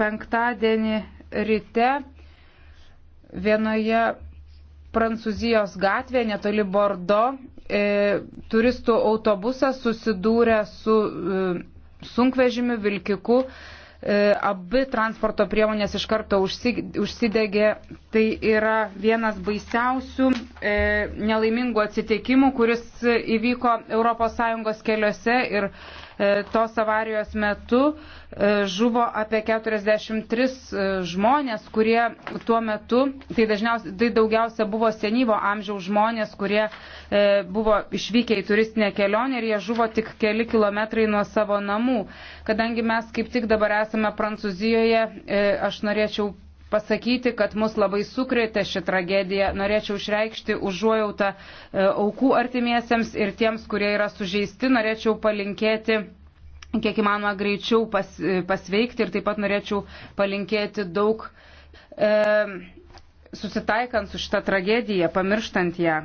penktadienį ryte vienoje Prancūzijos gatvėje netoli Bordo e, turistų autobusas susidūrė su e, sunkvežimiu vilkiku. E, abi transporto priemonės iš karto užsidegė. Tai yra vienas baisiausių E, nelaimingų atsitikimų, kuris įvyko ES keliuose ir e, tos avarijos metu e, žuvo apie 43 žmonės, kurie tuo metu, tai, tai daugiausia buvo senyvo amžiaus žmonės, kurie buvo išvykę į turistinę kelionę ir jie žuvo tik keli kilometrai nuo savo namų. Kadangi mes kaip tik dabar esame Prancūzijoje, aš norėčiau pasakyti, kad mus labai sukrėtė ši tragedija. Norėčiau išreikšti užuojautą e, aukų artimiesiems ir tiems, kurie yra sužeisti. Norėčiau palinkėti kiek įmanoma greičiau pas, e, pasveikti ir taip pat norėčiau palinkėti daug e, susitaikant su šitą tragediją, pamirštant ją.